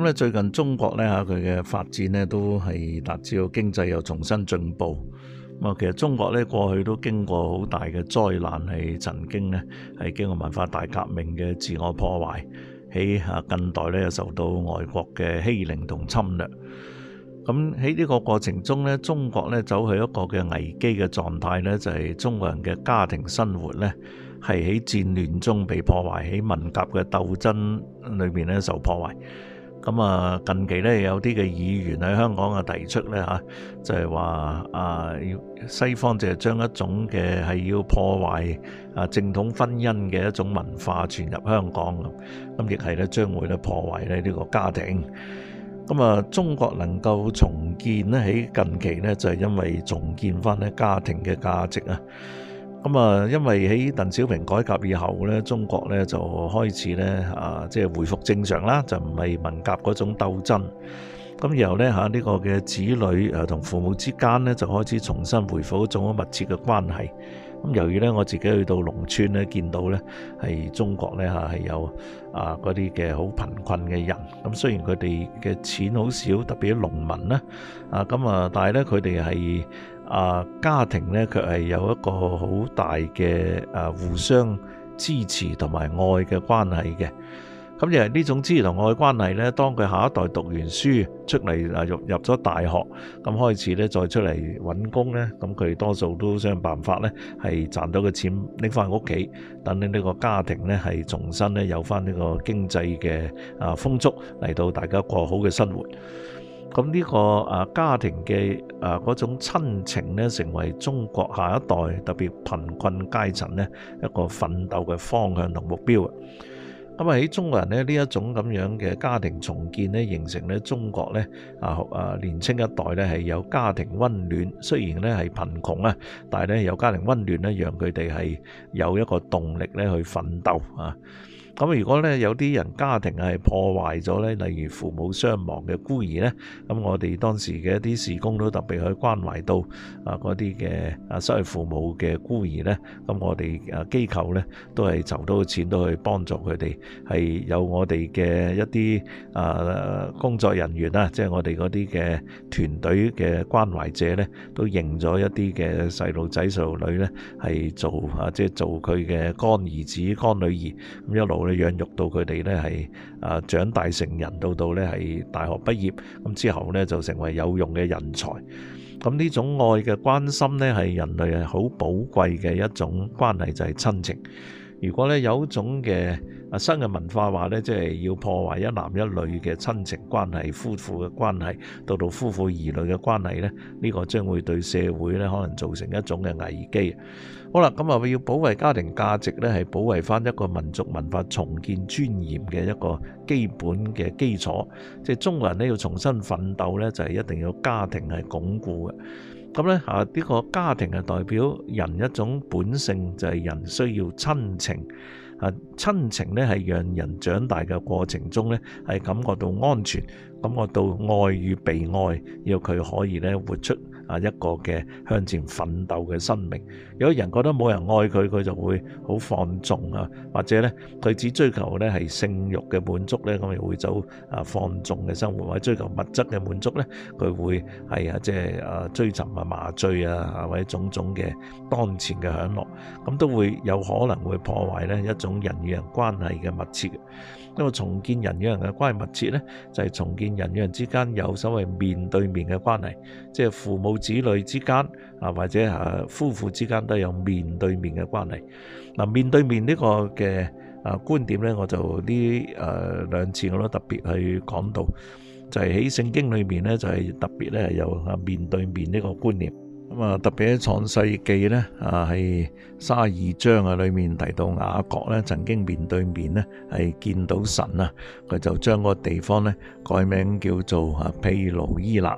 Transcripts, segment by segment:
咁咧最近中國咧嚇佢嘅發展咧都係達至到經濟又重新進步。咁啊，其實中國咧過去都經過好大嘅災難，係曾經咧係經過文化大革命嘅自我破壞，喺近代咧又受到外國嘅欺凌同侵略。咁喺呢個過程中咧，中國咧走去一個嘅危機嘅狀態咧，就係中國人嘅家庭生活咧，係喺戰亂中被破壞，喺文革嘅鬥爭裏邊咧受破壞。咁啊，近期咧有啲嘅議員喺香港啊提出咧吓，就係話啊，西方就係將一種嘅係要破壞啊正統婚姻嘅一種文化傳入香港，咁亦係咧將會咧破壞咧呢個家庭。咁啊，中國能夠重建咧喺近期咧就係因為重建翻咧家庭嘅價值啊。咁啊，因為喺鄧小平改革以後咧，中國咧就開始咧啊，即係恢復正常啦，就唔係文革嗰種鬥爭。咁然後咧嚇呢個嘅子女誒同父母之間咧就開始重新恢復一種密切嘅關係。咁由於咧我自己去到農村咧見到咧係中國咧嚇係有啊嗰啲嘅好貧困嘅人。咁雖然佢哋嘅錢好少，特別啲農民啦啊咁啊，但係咧佢哋係。啊，家庭咧，佢係有一個好大嘅啊，互相支持同埋愛嘅關係嘅。咁、嗯、而係呢種支持同愛嘅關係咧，當佢下一代讀完書出嚟啊，入入咗大學，咁開始咧再出嚟揾工咧，咁佢多數都想辦法咧，係賺到嘅錢拎翻屋企，等呢呢個家庭咧係重新咧有翻呢個經濟嘅啊豐足，嚟到大家過好嘅生活。咁呢個啊家庭嘅啊嗰種親情咧，成為中國下一代特別貧困階層咧一個奮鬥嘅方向同目標啊！咁啊喺中國人咧呢一種咁樣嘅家庭重建咧，形成咧中國咧啊啊年青一代咧係有家庭溫暖，雖然咧係貧窮啊，但係咧有家庭溫暖咧，讓佢哋係有一個動力咧去奮鬥啊！咁如果咧有啲人家庭係破壞咗咧，例如父母雙亡嘅孤兒咧，咁我哋當時嘅一啲事工都特別去關懷到啊嗰啲嘅啊失去父母嘅孤兒咧，咁我哋啊機構咧都係籌到錢都去幫助佢哋，係有我哋嘅一啲啊工作人員啦，即係我哋嗰啲嘅團隊嘅關懷者咧，都認咗一啲嘅細路仔細路女咧係做啊，即係做佢嘅乾兒子乾女兒咁一路咧。去養育到佢哋咧係啊長大成人到到咧係大學畢業，咁之後咧就成為有用嘅人才。咁呢種愛嘅關心咧，係人類係好寶貴嘅一種關係，就係親情。如果咧有一種嘅啊新嘅文化話咧，即係要破壞一男一女嘅親情關係、夫婦嘅關係，到到夫婦兒女嘅關係咧，呢、這個將會對社會咧可能造成一種嘅危機。好啦，咁啊要保衞家庭價值咧，係保衞返一個民族文化重建尊嚴嘅一個基本嘅基礎。即係中國人咧要重新奮鬥咧，就係、是、一定要家庭係鞏固嘅。咁咧，呢個家庭啊，代表人一種本性，就係人需要親情。啊，親情咧，係讓人長大嘅過程中咧，係感覺到安全，感覺到愛與被愛，要佢可以咧活出。啊，一個嘅向前奮鬥嘅生命，如果人覺得冇人愛佢，佢就會好放縱啊，或者咧佢只追求咧係性慾嘅滿足咧，咁又會走啊放縱嘅生活，或者追求物質嘅滿足咧，佢會係啊即係啊追尋啊麻醉啊，或者種種嘅當前嘅享樂，咁都會有可能會破壞咧一種人與人關係嘅密切。因為重建人與人嘅關係密切咧，就係重建人與人之間有所謂面對面嘅關係，即係父母。子女之間啊，或者啊，夫婦之間都有面對面嘅關係。嗱，面對面呢個嘅啊觀點咧，我就呢誒兩次我都特別去講到，就係喺聖經裏面咧，就係特別咧有啊面對面呢個觀念。咁啊，特別喺創世記咧，啊係卅二章啊裏面提到雅各咧，曾經面對面咧係見到神啊，佢就將個地方咧改名叫做啊毗魯伊勒，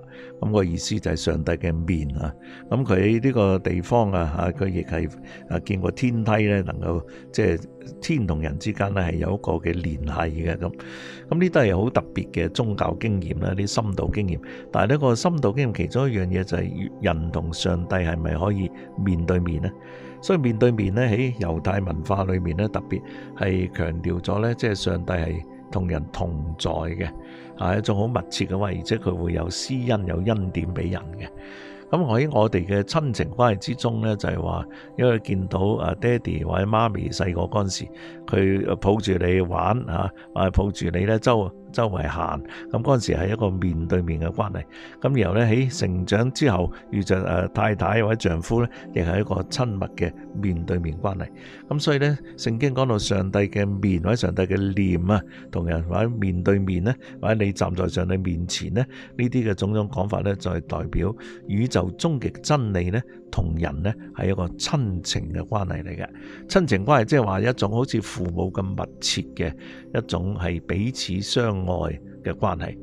咁個意思就係上帝嘅面啊。咁佢呢個地方啊，吓佢亦係啊見過天梯咧，能夠即係天同人之間咧係有一個嘅聯繫嘅咁。咁呢都係好特別嘅宗教經驗啦，啲深度經驗。但係呢個深度經驗其中一樣嘢就係人同。上帝係咪可以面對面呢？所以面對面呢，喺猶太文化裏面呢，特別係強調咗呢，即係上帝係同人同在嘅，係一種好密切嘅話，而且佢會有私恩有恩典俾人嘅。咁喺我哋嘅親情關係之中呢，就係話，因為見到啊爹哋或者媽咪細個嗰陣時，佢抱住你玩啊，啊抱住你呢。周周圍行，咁嗰陣時係一個面對面嘅關係。咁然後咧，喺成長之後遇著誒太太或者丈夫咧，亦係一個親密嘅面對面關係。咁所以咧，聖經講到上帝嘅面或者上帝嘅臉啊，同人或者面對面咧，或者你站在上帝面前咧，呢啲嘅種種講法咧，就係代表宇宙終極真理咧，同人咧係一個親情嘅關係嚟嘅。親情關係即係話一種好似父母咁密切嘅一種係彼此相愛嘅關係。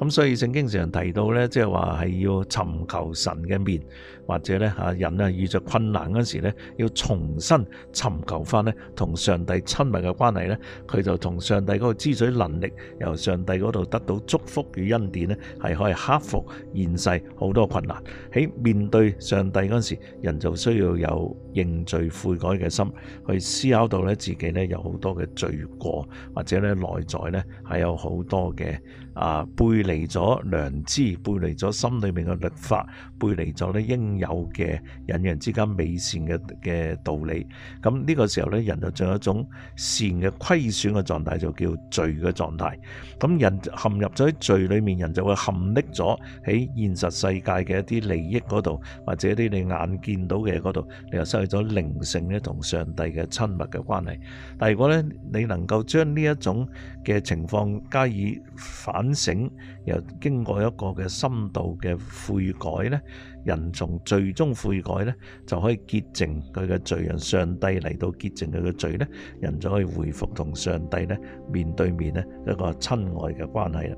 咁所以聖經常提到咧，即係話係要尋求神嘅面，或者咧吓，人啊遇着困難陣時咧，要重新尋求翻，咧同上帝親密嘅關係咧，佢就同上帝個個汲取能力，由上帝度得到祝福與恩典咧，係可以克服現世好多困難。喺面對上帝陣時人就需要有認罪悔改嘅心，去思考到咧自己咧有好多嘅罪過或者咧內在咧係有好多嘅啊背。背離咗良知，背離咗心裏面嘅律法，背離咗咧應有嘅人與人之間美善嘅嘅道理，咁呢個時候咧，人就仲有一種善嘅虧損嘅狀態，就叫罪嘅狀態。咁人陷入咗喺罪裏面，人就會陷溺咗喺現實世界嘅一啲利益嗰度，或者一啲你眼見到嘅嗰度，你又失去咗靈性咧同上帝嘅親密嘅關係。但如果咧，你能夠將呢一種嘅情況加以反省。由經過一個嘅深度嘅悔改咧，人從罪中悔改咧，就可以潔淨佢嘅罪人，上帝嚟到潔淨佢嘅罪咧，人就可以回復同上帝咧面對面咧一個親愛嘅關係啦。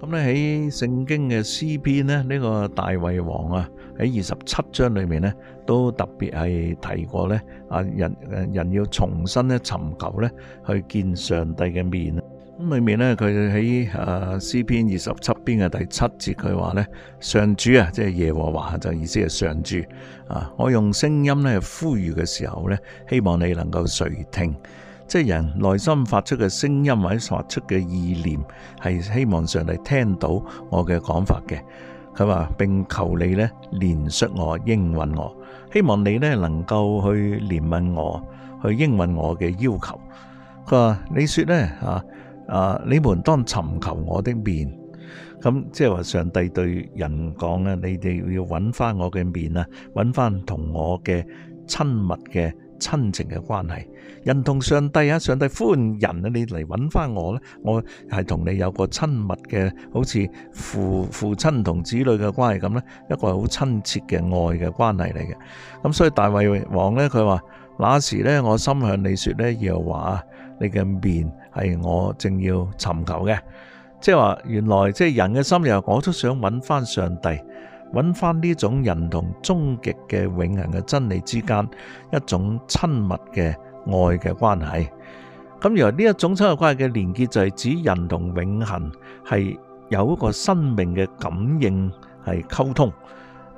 咁咧喺聖經嘅詩篇咧呢個大衛王啊喺二十七章裏面咧都特別係提過呢啊人人要重新咧尋求呢去見上帝嘅面咁裏面呢，佢喺誒詩篇二十七篇嘅第七節，佢話呢上主啊，即係耶和華，就意思係上主啊。我用聲音呢呼籲嘅時候呢，希望你能夠垂聽，即係人內心發出嘅聲音或者發出嘅意念，係希望上帝聽到我嘅講法嘅。佢話並求你呢憐恤我、應允我，希望你呢能夠去憐憫我、去應允我嘅要求。佢話你說呢。」啊。啊！你們當尋求我的面，咁即係話上帝對人講咧，你哋要揾翻我嘅面啊，揾翻同我嘅親密嘅親情嘅關係。人同上帝啊，上帝歡迎啊，你嚟揾翻我咧，我係同你有個親密嘅，好似父父親同子女嘅關係咁咧，一個好親切嘅愛嘅關係嚟嘅。咁所以大衛王呢，佢話：，那時呢，我心向你説，呢，又話。你嘅面係我正要尋求嘅，即係話原來即係人嘅心又，我都想揾翻上帝，揾翻呢種人同終極嘅永恆嘅真理之間一種親密嘅愛嘅關係。咁原來呢一種親密關係嘅連結就係指人同永恆係有一個生命嘅感應，係溝通。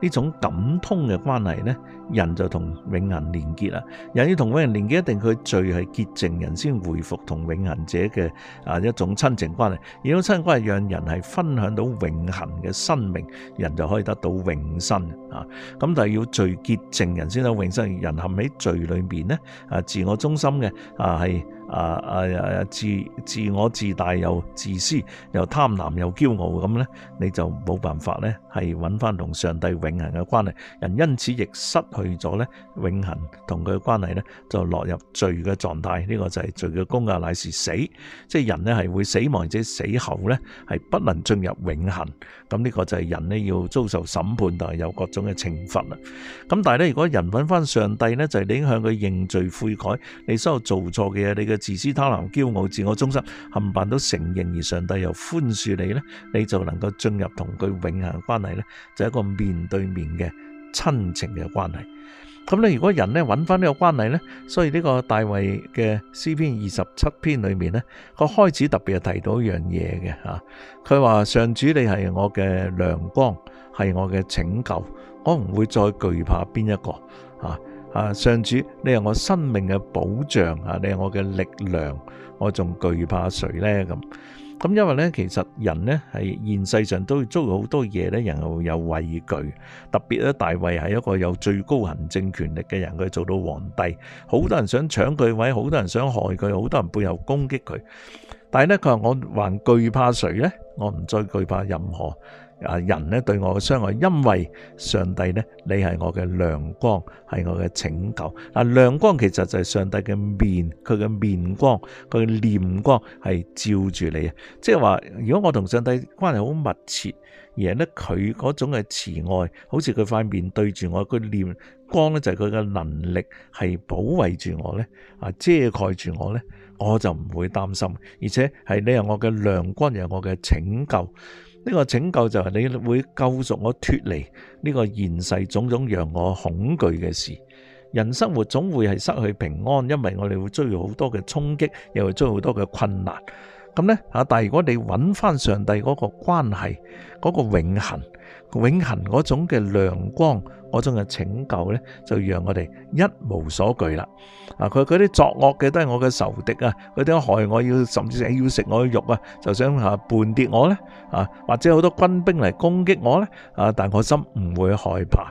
呢種感通嘅關係咧，人就同永恆連結啦。人要同永恆連結，一定佢罪係潔淨，人先回復同永恆者嘅啊一種親情關係。而呢種親情關係，讓人係分享到永恆嘅生命，人就可以得到永生啊。咁但係要罪潔淨人先有永生，人陷喺罪裏面咧，啊自我中心嘅啊係。啊啊啊，自自我自大又自私又貪婪又驕傲咁咧，你就冇辦法咧，係揾翻同上帝永恆嘅關係。人因此亦失去咗咧永恆同佢嘅關係咧，就落入罪嘅狀態。呢、這個就係罪嘅工價，乃是死。即係人咧係會死亡，或者死後咧係不能進入永恆。咁、這、呢個就係人咧要遭受審判但同有各種嘅懲罰啦。咁但係咧，如果人揾翻上帝咧，就係、是、你已經向佢認罪悔改，你所有做錯嘅嘢，你嘅。自私貪婪、驕傲、自我中心，冚唪唥都承認，而上帝又寬恕你呢，你就能夠進入同佢永恆關係呢，就係一個面對面嘅親情嘅關係。咁你如果人呢揾翻呢個關係呢，所以呢個大衛嘅詩篇二十七篇裏面呢，佢開始特別係提到一樣嘢嘅吓，佢話，上主，你係我嘅亮光，係我嘅拯救，我唔會再懼怕邊一個啊。啊，上主，你係我生命嘅保障啊，你係我嘅力量，我仲懼怕誰咧？咁咁因為咧，其實人咧係現世上都要遭遇好多嘢咧，人又畏懼，特別咧大衛係一個有最高行政權力嘅人，佢做到皇帝，好多人想搶佢位，好多人想害佢，好多人背後攻擊佢，但係咧佢話我還懼怕誰咧？我唔再懼怕任何，啊！人咧對我嘅傷害，因為上帝咧，你係我嘅亮光，係我嘅拯救。啊！亮光其實就係上帝嘅面，佢嘅面光，佢嘅臉光係照住你啊！即係話，如果我同上帝關係好密切，而係咧佢嗰種嘅慈愛，好似佢塊面對住我，我，佢臉光咧就係佢嘅能力係保衞住我咧，啊遮蓋住我咧，我就唔會擔心，而且係你係我嘅亮光，又係我嘅拯救。呢個拯救就係你會救贖我脱離呢個現世種種讓我恐懼嘅事。人生活總會係失去平安，因為我哋會遭遇好多嘅衝擊，又會遭遇好多嘅困難。咁咧啊，但係如果你揾翻上帝嗰個關係，嗰個永恆。永恆嗰種嘅亮光，嗰種嘅拯救咧，就讓我哋一無所懼啦。啊，佢嗰啲作惡嘅都係我嘅仇敵啊，佢哋要害我要，甚至係要食我嘅肉啊，就想吓絆跌我咧啊，或者好多軍兵嚟攻擊我咧啊，但我心唔會害怕。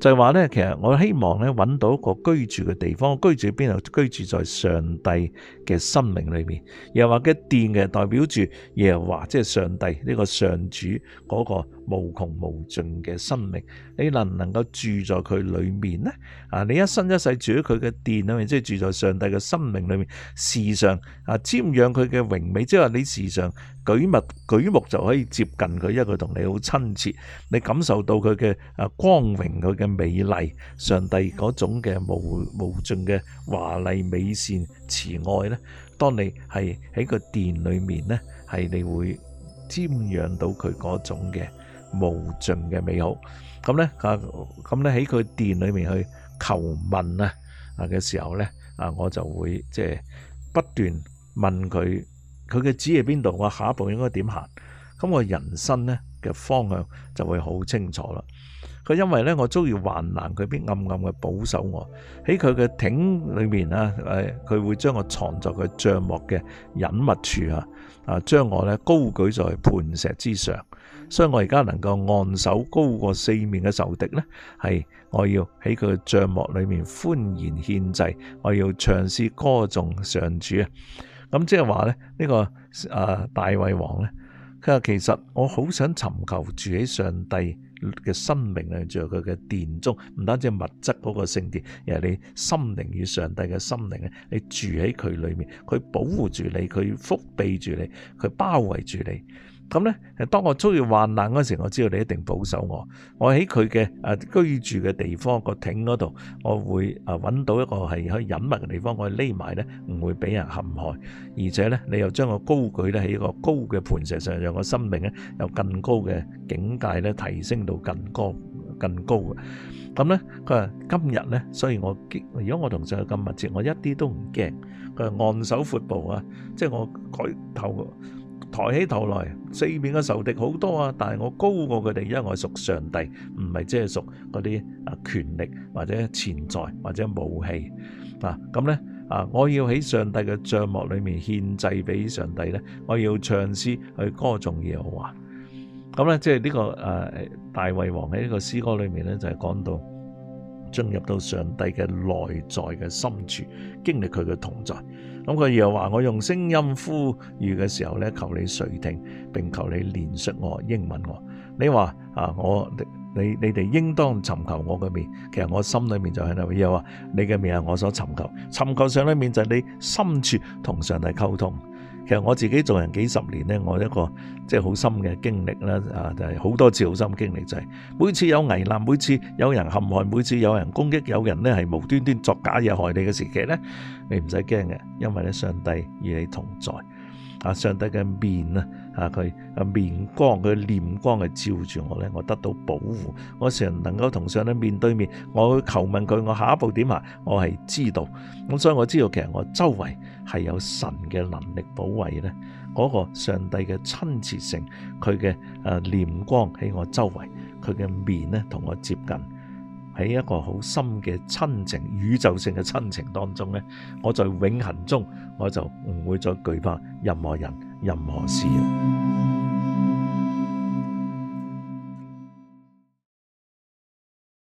就係話咧，其實我希望咧揾到一個居住嘅地方，居住喺邊度？居住在上帝嘅生命裏面，又或者嘅殿嘅代表住耶和華，即係上帝呢個上主嗰個。無窮無盡嘅生命，你能唔能夠住在佢裏面呢？啊，你一生一世住喺佢嘅殿裏面，即係住在上帝嘅生命裏面，時常啊，瞻仰佢嘅榮美，即係話你時常舉目舉目就可以接近佢，因為佢同你好親切，你感受到佢嘅、啊光榮，佢嘅美麗，上帝嗰種嘅無無盡嘅華麗美善慈愛呢？當你係喺個殿裏面呢，係你會瞻仰到佢嗰種嘅。無盡嘅美好，咁咧啊，咁咧喺佢殿裏面去求問啊啊嘅時候咧啊，我就會即係不斷問佢，佢嘅指喺邊度，我下一步應該點行？咁、那、我、個、人生咧嘅方向就會好清楚啦。佢因為咧我遭遇患難，佢必暗暗嘅保守我喺佢嘅亭裏面啊，誒，佢會將我藏在佢帳幕嘅隱密處啊，啊，將我咧高舉在磐石之上。所以我而家能夠昂首高過四面嘅仇敵呢，係我要喺佢嘅帳幕裏面歡然獻祭，我要唱詩歌頌上主，那就是說，這個、啊！咁即係話呢，呢個誒大衛王呢，佢話其實我好想尋求住喺上帝嘅生命，啊，住喺佢嘅殿中，唔單止物質嗰個聖殿，而係你心靈與上帝嘅心靈啊！你住喺佢裏面，佢保護住你，佢覆庇住你，佢包圍住你。咁咧，當我遭遇患難嗰時，我知道你一定保守我。我喺佢嘅誒居住嘅地方個亭嗰度，我會誒揾到一個係可以隱密嘅地方，我匿埋咧唔會俾人陷害。而且咧，你又將我高舉咧喺個高嘅盤石上，讓我生命咧有更高嘅境界咧提升到更高更高嘅。咁咧，佢話今日咧，所以我，如果我同上帝咁密切，我一啲都唔驚。佢話按手闊步啊，即係我改透過。抬起頭來，四面嘅仇敵好多啊，但係我高過佢哋，因為我係屬上帝，唔係即係屬嗰啲啊權力或者錢財或者武器啊，咁咧啊，我要喺上帝嘅帳幕裏面獻祭俾上帝咧，我要唱詩去歌頌耶和華，咁咧即係呢個誒大衛王喺呢個詩歌裏面咧就係講到。進入到上帝嘅內在嘅深處，經歷佢嘅同在。咁佢又話：我用聲音呼籲嘅時候咧，求你垂聽，並求你憐恤我、應允我。」你話啊，我你你你哋應當尋求我嘅面。其實我心裏面就喺度又話：你嘅面係我所尋求，尋求上裏面就係你深處同上帝溝通。其實我自己做人幾十年咧，我一個即係好深嘅經歷啦，啊就係好多次好深的經歷就係、是、每次有危難，每次有人陷害，每次有人攻擊，有人咧係無端端作假嘢害你嘅時期咧，你唔使驚嘅，因為咧上帝與你同在。啊！上帝嘅面啊！啊佢啊面光佢念光係照住我咧，我得到保護，我常能夠同上帝面對面，我去求問佢我下一步點啊？我係知道，咁所以我知道其實我周圍係有神嘅能力保衞咧，嗰個上帝嘅親切性，佢嘅啊念光喺我周圍，佢嘅面咧同我接近。喺一個好深嘅親情、宇宙性嘅親情當中呢，我在永恆中，我就唔會再懼怕任何人、任何事。